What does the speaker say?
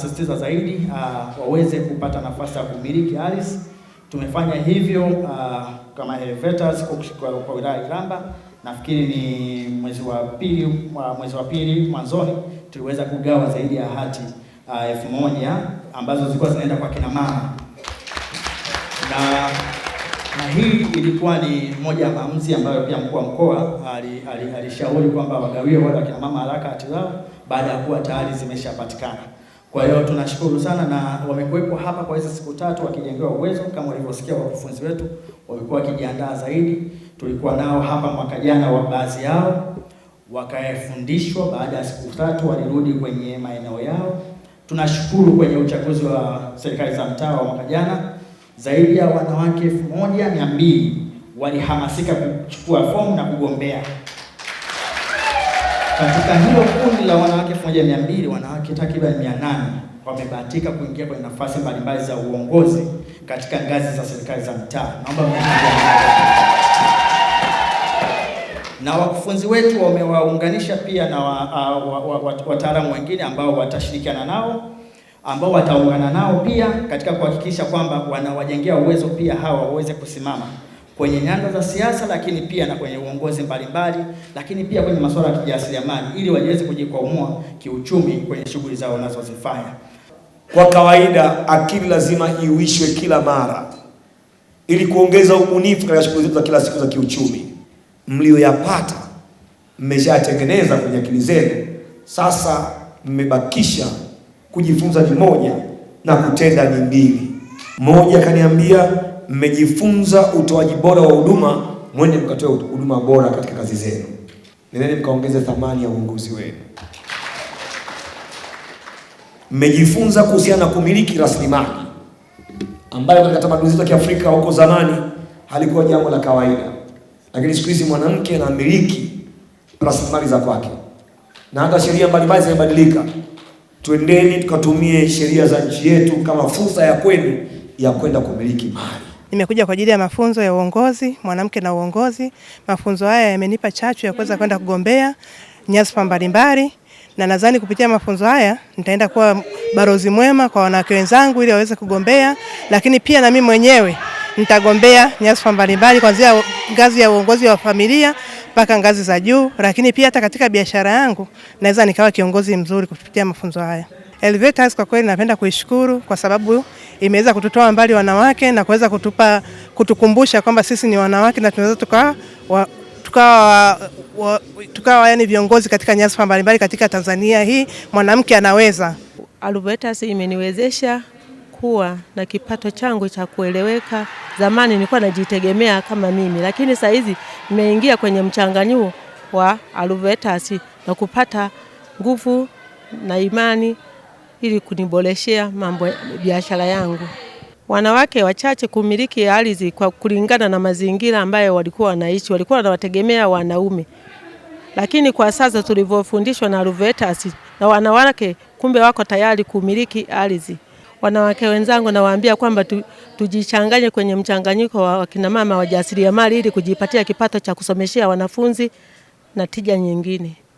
Sisitiza zaidi uh, waweze kupata nafasi ya kumiliki ardhi. Tumefanya hivyo uh, kama HEVETAS kwa wilaya Iramba, nafikiri ni mwezi wa pili mwezi wa pili mwanzoni, tuliweza kugawa zaidi ya hati uh, elfu moja ambazo zilikuwa zinaenda kwa kina mama na, na hii ilikuwa ni moja ya maamuzi ambayo pia mkuu wa mkoa alishauri ali, ali kwamba wagawie wale wakina mama haraka hati zao baada ya kuwa tayari zimeshapatikana. Kwa hiyo tunashukuru sana, na wamekuwepo hapa kwa hizo siku tatu wakijengewa uwezo. Kama walivyosikia wakufunzi wetu wamekuwa wakijiandaa zaidi. Tulikuwa nao hapa mwaka jana, wa baadhi yao wakafundishwa, baada ya siku tatu walirudi kwenye maeneo yao. Tunashukuru kwenye uchaguzi wa serikali za mtaa wa mwaka jana, zaidi ya wanawake elfu moja mia mbili walihamasika kuchukua fomu na kugombea. Katika hilo kundi la wanawake 1200 wanawake takriban 800 wamebahatika kuingia kwenye nafasi mbalimbali za uongozi katika ngazi za serikali za mtaa. Naomba na wakufunzi wetu wamewaunganisha pia na wa, wa, wa, wa, wataalamu wengine ambao watashirikiana nao ambao wataungana nao pia katika kuhakikisha kwamba wanawajengea uwezo pia hawa waweze kusimama kwenye nyanda za siasa, lakini pia na kwenye uongozi mbalimbali, lakini pia kwenye masuala ya kijasiriamali, ili waweze kujikwamua kiuchumi kwenye shughuli zao wanazozifanya. Kwa kawaida, akili lazima iwishwe kila mara ili kuongeza ubunifu katika shughuli zetu za kila siku za kiuchumi. Mlioyapata mmeshatengeneza kwenye akili zenu, sasa mmebakisha kujifunza ni moja na kutenda ni mbili. moja kaniambia mmejifunza utoaji bora wa huduma, mwende mkatoe huduma bora katika kazi zenu, nendeni mkaongeze thamani ya uongozi wenu. Mmejifunza kuhusiana na kumiliki rasilimali, ambayo katika tamaduni zetu za Kiafrika huko zamani halikuwa jambo la kawaida, lakini siku hizi mwanamke anamiliki rasilimali za kwake, na hata sheria mbalimbali zimebadilika. Twendeni tukatumie sheria za nchi yetu kama fursa ya kwenu ya kwenda kumiliki mali. Nimekuja kwa ajili ya mafunzo ya uongozi, mwanamke na uongozi. Mafunzo haya yamenipa chachu ya kuweza kwenda kugombea nyadhifa mbalimbali na nadhani kupitia mafunzo haya nitaenda kuwa barozi mwema kwa wanawake wenzangu ili waweze kugombea, lakini pia na mimi mwenyewe nitagombea nyadhifa mbalimbali kuanzia ngazi ya uongozi wa familia mpaka ngazi za juu, lakini pia hata katika biashara yangu naweza nikawa kiongozi mzuri kupitia mafunzo haya. Elevators kwa kweli napenda kuishukuru kwa sababu imeweza kututoa mbali wanawake na kuweza kutupa kutukumbusha kwamba sisi ni wanawake na tunaweza tukawa tukawa tukawa yani viongozi katika nyasfa mbalimbali katika Tanzania hii, mwanamke anaweza. Alubetas imeniwezesha kuwa na kipato changu cha kueleweka. Zamani nilikuwa najitegemea kama mimi, lakini saa hizi nimeingia kwenye mchanganyuo wa Alubetas na kupata nguvu na imani ili kuniboreshea mambo biashara yangu. Wanawake wachache kumiliki ardhi kwa kulingana na mazingira ambayo walikuwa wanaishi, walikuwa wanawategemea wanaume, lakini kwa sasa tulivyofundishwa na Ruvetas na wanawake, kumbe wako tayari kumiliki ardhi. Wanawake wenzangu, nawaambia kwamba tu, tujichanganye kwenye mchanganyiko wa wakinamama wajasiriamali ili kujipatia kipato cha kusomeshea wanafunzi na tija nyingine.